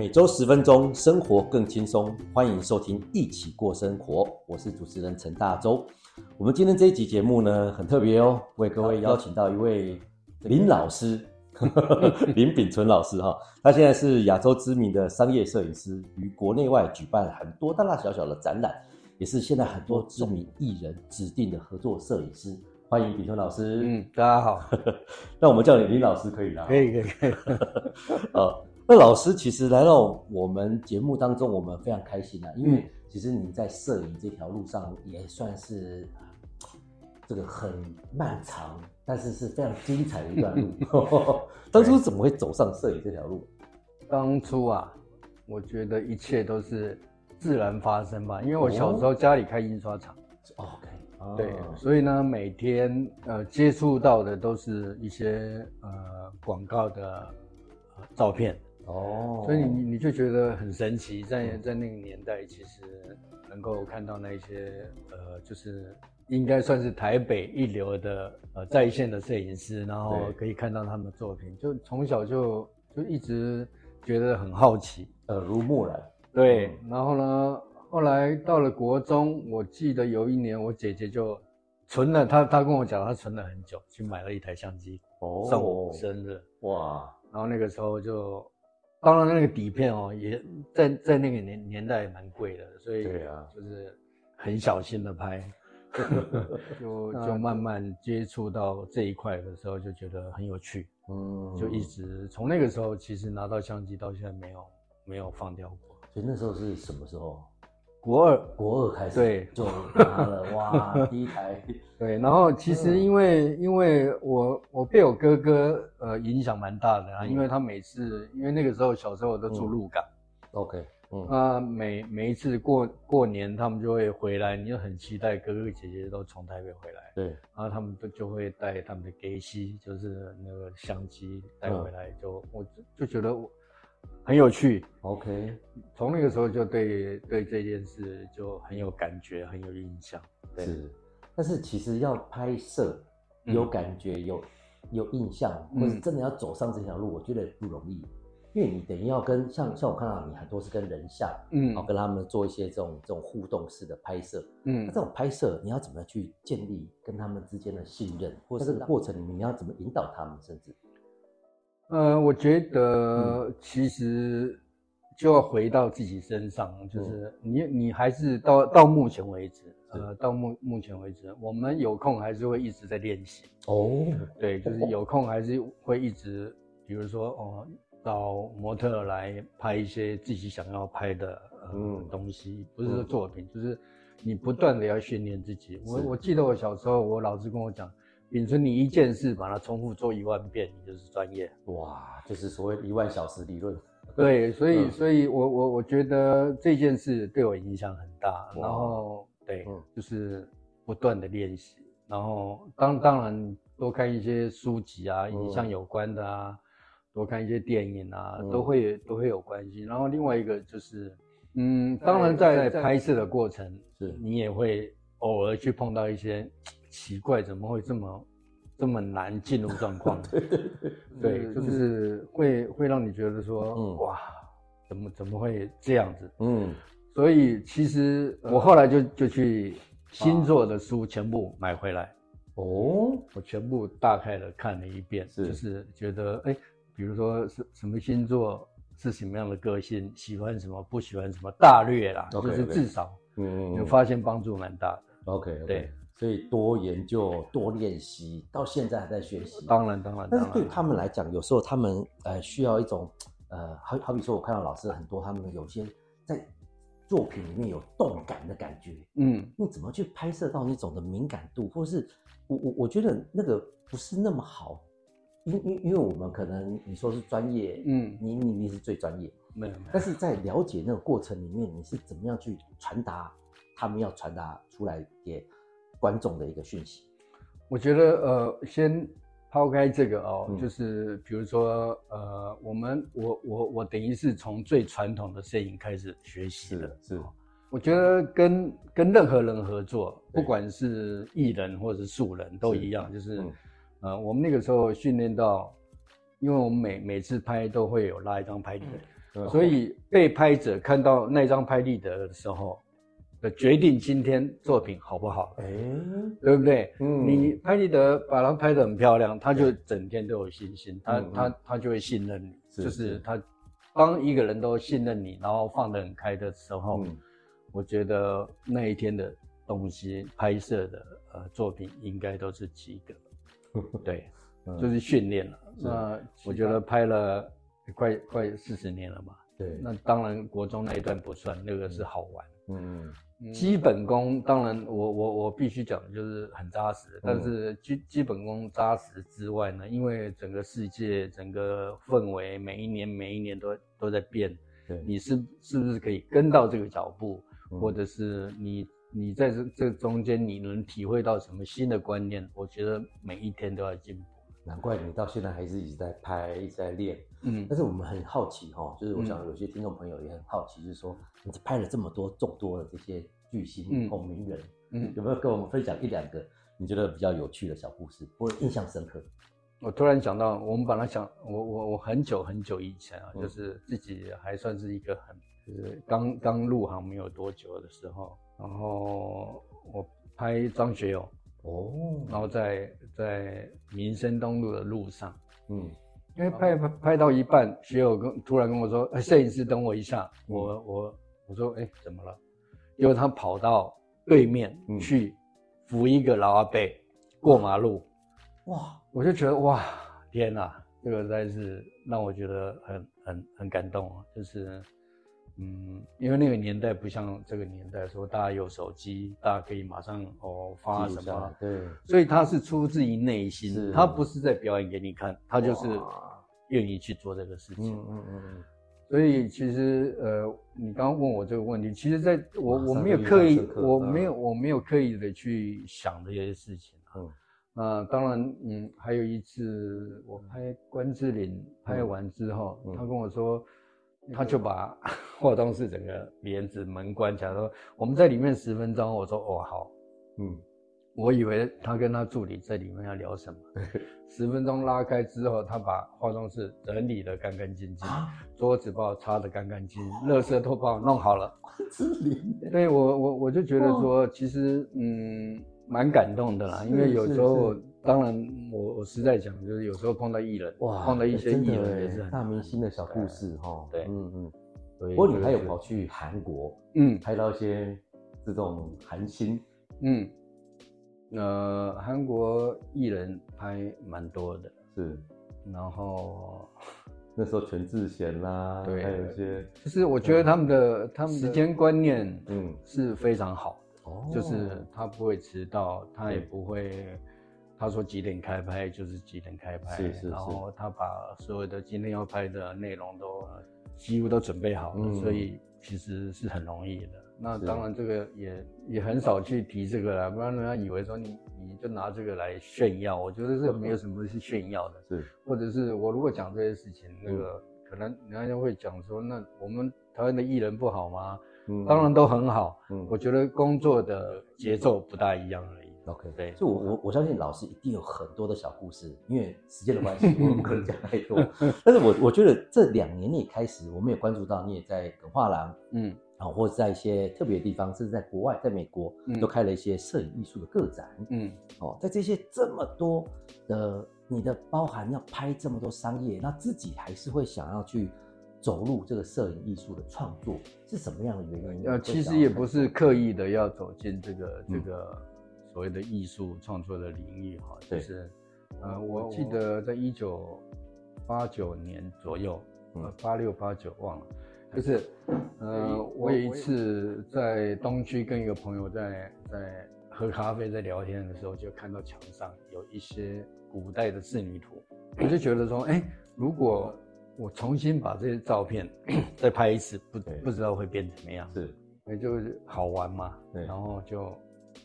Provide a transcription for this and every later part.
每週十分鐘，生活更輕鬆。歡迎收聽《藝起過生活》，我是主持人陳大洲。我們今天這一集節目呢，很特別哦、喔，為各位邀請到一位好林老師， 林炳存老師哈、喔。他現在是亞洲知名的商業攝影師，於國內外舉辦很多大大小小的展覽，也是現在很多知名藝人指定的合作攝影師。歡迎炳存老師，嗯，大家好。那 我們叫你林老師可以嗎？可以，可以，可以，可以。啊。那老師其實來到我們節目當中，我們非常開心啊，因為其實你在攝影這條路上也算是這個很漫長，但是是非常精彩的一段路。 當初怎麼會走上攝影這條路？當初啊，我覺得一切都是自然發生吧，因為我小時候家裡開印刷廠，哦，Oh, okay. Oh. 對，所以呢，每天呃接觸到的都是一些呃廣告的照片。哦，oh, 所以你你就覺得很神奇在，在、嗯、在那個年代，其實能夠看到那些呃，就是應該算是台北一流的呃在線的攝影師，然後可以看到他們的作品，對就從小就就一直覺得很好奇，耳濡目染。對，然後呢，後來到了國中，我記得有一年，我姐姐就存了，她她跟我講，她存了很久，去買了一台相機，哦，oh, 送我生日，哇，然後那個時候就。當然，剛剛那個底片哦、喔，也在在那個年年代也蠻貴的，所以對啊，就是很小心的拍，啊、 就就慢慢接觸到這一塊的時候，就覺得很有趣，嗯，就一直從那個時候，其實拿到相機到現在沒有沒有放掉過。所以那時候是什麼時候？國二國二開始對，就拿了哇第一台對，然後其實因為、嗯、因為我我被我哥哥呃影響蠻大的，啊，因為他每次因為那個時候小時候我都住鹿港，嗯，OK，嗯，他、啊、每每一次過過年他們就會回來，你就很期待哥哥姐姐都從台北回來，對，然後他們都就會帶他們的 gay 西，就是那個相機帶回來，嗯、就我就就覺得我。很有趣，OK。從那個時候就對對這件事就很有感覺，很有印象。對是，但是其實要拍攝有感覺、嗯、有有印象，或者真的要走上這條路，嗯、我覺得不容易，因為你等於要跟像像我看到你很多是跟人像，嗯，哦，跟他們做一些這種這種互動式的拍攝，嗯，那這種拍攝你要怎麼去建立跟他們之間的信任，或者是這個過程裡面你要怎麼引導他們，甚至。呃，我覺得其實就要回到自己身上，嗯、就是你你還是到到目前為止，呃，是到目目前為止，我們有空還是會一直在練習哦，對，就是有空還是會一直，比如說哦，找、呃、模特來拍一些自己想要拍的呃、嗯、東西，不是說作品，嗯、就是你不斷的要訓練自己。是我我記得我小時候，我老師跟我講。炳存，你一件事，把它重複做一萬遍，你就是專業。哇，就是所謂一萬小時理論。對，所以，嗯、所以我我我覺得這件事對我影響很大。然後，對，嗯、就是不斷的練習。然後，當當然多看一些書籍啊，影像有關的啊，多看一些電影啊，嗯、都會都會有關係。然後另外一個就是，嗯，當然在拍攝的過程，是你也會。偶爾去碰到一些奇怪，怎麼會這麼這麼難進入狀況？ 對，對，就是會、嗯、會讓你覺得說，哇，怎麼怎麼會這樣子？嗯，所以其實我後來就就去星座的書全部買回來，啊、哦，我全部大概的看了一遍，是就是覺得哎、欸，比如說是什麼星座是什麼樣的個性，喜歡什麼不喜歡什麼大略啦，okay, okay. 就是至少嗯，就發現幫助蠻大的。OK，OK。對，所以多研究，多練習，到現在還在學習。當然，當然，但是對他們來講，有時候他們呃需要一種呃，好好比說，我看到老師很多，他們有些在作品裡面有動感的感覺，嗯，你怎麼去拍攝到那種的敏感度，或是我我我覺得那個不是那麼好，因因因為我們可能你說是專業，嗯，你你你是最專業沒有，沒有，但是在了解那個過程裡面，你是怎麼樣去傳達？他們要傳達出來給觀眾的一個訊息，我覺得呃，先拋開這個哦，嗯、就是比如說呃，我們我我我等於是從最傳統的攝影開始學習的，是，是、哦，我覺得跟、嗯、跟任何人合作，對不管是藝人或者是素人對都一樣，就是、嗯、呃，我們那個時候訓練到，因為我們每每次拍都會有拉一張拍立得，嗯、所以被拍者看到那張拍立得的時候。決定今天作品好不好，哎，對不對？嗯，你拍立得，把它拍得很漂亮，他就整天都有信心，他他他就會信任你。就是他，當一個人都信任你，然後放得很開的時候，我覺得那一天的東西拍攝的呃作品應該都是及格。對，就是訓練了。那我覺得拍了快快四十年了吧。對，那當然國中那一段不算，那個是好玩。嗯，基本功當然我，我我我必須講的就是很紮實。但是基基本功紮實之外呢，因為整個世界、整個氛圍，每一年每一年都都在變。對你是是不是可以跟到這個腳步，或者是你你在這這中間你能體會到什麼新的觀念？我覺得每一天都要進步。難怪你到現在還是一直在拍，一直在練，嗯，但是我們很好奇哈、喔，就是我想有些聽眾朋友也很好奇，就是說、嗯、你拍了這麼多眾多的這些巨星嗯、嗯，名人，嗯，有沒有跟我們分享一兩個你覺得比較有趣的小故事或者印象深刻？我突然想到，我們本來想，我我我很久很久以前啊，就是自己還算是一個很，就是剛剛入行沒有多久的時候，然後我拍張學友。哦，oh. 然後在在民生東路的路上，嗯，因為拍拍拍到一半，學友跟突然跟我說，哎、欸，攝影師等我一下，我我我說，哎、欸，怎麼了？因為他跑到對面去扶一個老阿伯過馬路，嗯、哇，我就覺得哇，天哪、啊，這個真是讓我覺得很很很感動啊，就是。嗯，因為那個年代不像這個年代說，說大家有手機，大家可以馬上哦發什麼、啊，對，所以他是出自於內心，他是不是在表演給你看，他就是願意去做這個事情。嗯嗯嗯。所以其實呃，你剛剛問我這個問題，其實在我、啊、我沒有刻意，我沒有後我沒有刻意的去想這些事情、啊。嗯，那、嗯、當然嗯，還有一次我拍關之琳，拍完之後，嗯嗯、他跟我說。他就把化妝室整個簾子門關起來，說：“我們在裡面十分鐘。”我說：“哦，好，嗯。”我以為他跟他助理在裡面要聊什麼。 十分鐘拉開之後，他把化妝室整理得乾乾淨淨，啊、桌子幫我擦得乾乾淨淨、啊，垃圾都幫我弄好了。對，我我我就覺得說，哇其實嗯，蠻感動的啦，因為有時候。當然，我我實在講，就是有時候碰到藝人，哇，碰到一些藝人也是大明星的小故事，哈，對，嗯嗯。所以，你還有跑去韓國，嗯，拍到一些這種韓星，嗯，呃，那韓國藝人拍蠻多的，是。然後那時候全智賢啦，對，還有一些，就是我覺得他們的他們時間觀念，嗯，是非常好哦。就是他不會遲到，他也不會。他說幾點開拍就是幾點開拍，是是是，然後他把所有的今天要拍的內容都幾乎都準備好了，嗯、所以其實是很容易的。那當然這個也是也很少去提這個了，不然人家以為說你你就拿這個來炫耀，我覺得這個沒有什麼是炫耀的。是，或者是我如果講這些事情，那個可能人家就會講說，那我們台灣的藝人不好嗎？嗯、當然都很好。嗯、我覺得工作的節奏不大一樣了。OK，對，就我我、嗯、我相信老師一定有很多的小故事，嗯、因為時間的關係，我們不可能講太多。嗯、但是我我覺得這兩年你開始，我們也關注到你也在梗畫廊，嗯，啊、哦，或者在一些特別的地方，甚至在國外，在美國、嗯、都開了一些攝影藝術的個展，嗯，哦，在這些這麼多的你的包含要拍這麼多商業，那自己還是會想要去走入這個攝影藝術的創作是什麼樣的原因？呃、嗯，其實也不是刻意的要走進這個這個，嗯這個所謂的藝術創作的領域，哈，就是，呃，我記得在一九八九年左右，呃，八六八九忘了，就是，呃，我有一次在東區跟一個朋友在在喝咖啡在聊天的時候，就看到牆上有一些古代的仕女圖，我就覺得說，哎，如果我重新把這些照片 再拍一次，不不知道會變怎麼樣，是，也就好玩嘛，然後就。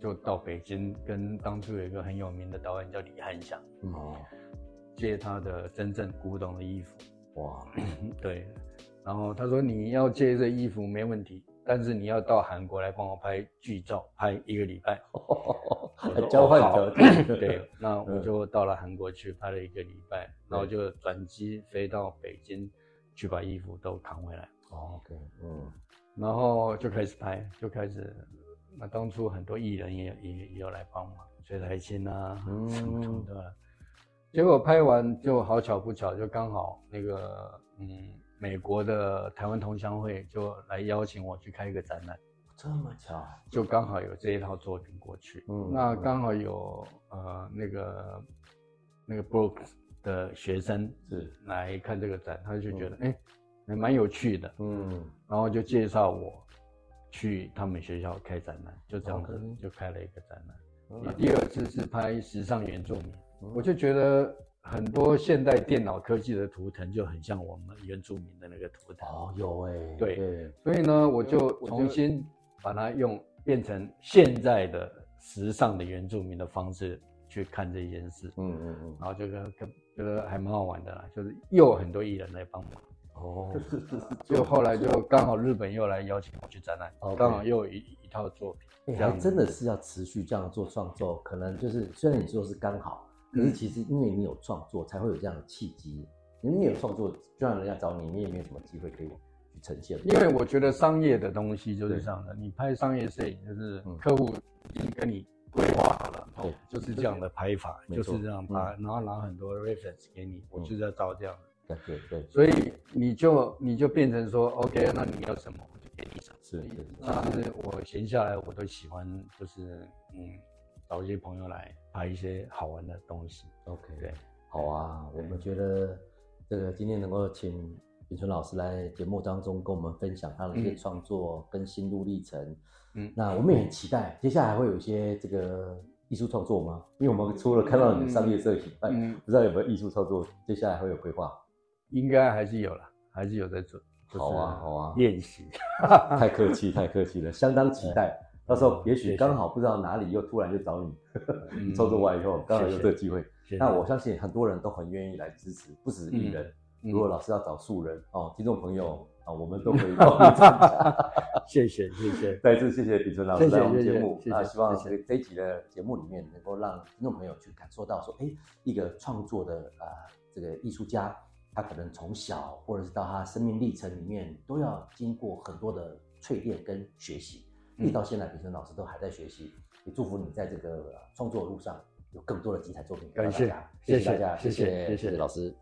就到北京，跟當初有一個很有名的導演叫李翰祥，嗯，借他的真正古董的衣服，哇，對，然後他說你要借這衣服沒問題，但是你要到韓國來幫我拍劇照，拍一個禮拜，交換着對，那我就到了韓國去拍了一個禮拜，然後就轉機飛到北京去把衣服都扛回來，OK，嗯，然後就開始拍，就開始。那當初很多藝人也也也有來幫忙，所以台慶啊，嗯，對。結果拍完就好巧不巧，就剛好那個嗯，美國的台灣同鄉會就來邀請我去開一個展覽，這麼巧，就剛好有這一套作品過去。嗯，那剛好有呃那個那個 Brooks 的學生是來看這個展，是他就覺得哎、嗯欸，還蠻有趣的，嗯，然後就介紹我。去他們學校開展覽，就這樣子就開了一個展覽。Okay. Uh huh. 第二次是拍時尚原住民，uh huh. 我就覺得很多現代電腦科技的圖騰就很像我們原住民的那個圖騰。哦，有哎。對。所以呢，我就重新把它用變成現在的時尚的原住民的方式去看這件事。嗯嗯嗯。Huh. 然後這個這個還蠻好玩的啦，就是又有很多藝人來幫忙。哦，就是就是，就後來就剛好日本又來邀請我去展覽，剛好又有一一套作品。然後真的是要持續這樣做創作，可能就是雖然你說是剛好，可是其實因為你有創作，才會有這樣的契機。你有創作，就讓人家找你，你也沒有什麼機會可以去呈現。因為我覺得商業的東西就是這樣的，你拍商業攝影就是客戶已經跟你規劃好了，對，就是這樣的拍法，就是這樣拍，然後拿很多 reference 給你，我就是要照這樣。對對對，所以你就你就變成說吧，OK，那你要什麼對對就我就給你什麼。是的，那我閒下來我都喜歡，就是嗯，找一些朋友來拍一些好玩的東西。OK，對好啊，對我們覺得這個今天能夠請炳存老師來節目當中跟我們分享他的一些創作跟心路歷程，嗯，那我們也很期待、嗯、接下來會有一些這個藝術創作嗎？因為我們除了看到你的商業設計，嗯，不知道有沒有藝術創作，接下來會有規劃。應該還是有了，還是有在做。好啊，好啊。練習。太客氣，太客氣了，相當期待。到時候也許剛好不知道哪裡又突然就找你，創作完以後剛好有這個機會。那我相信很多人都很願意來支持，不止一人。如果老師要找素人哦，聽眾朋友啊，我們都可以幫你一下。謝謝，謝謝，再次謝謝炳存老師在我們節目。啊，希望這這一集的節目裡面能夠讓聽眾朋友去感受到說，哎，一個創作的啊，這個藝術家。他可能從小，或者是到他生命歷程裡面，都要經過很多的淬鍊跟學習。一直、嗯、到現在，炳存老師都還在學習。也祝福你在這個創作路上有更多的精彩作品給大家。感謝,謝，謝謝大家，謝謝，謝謝老師。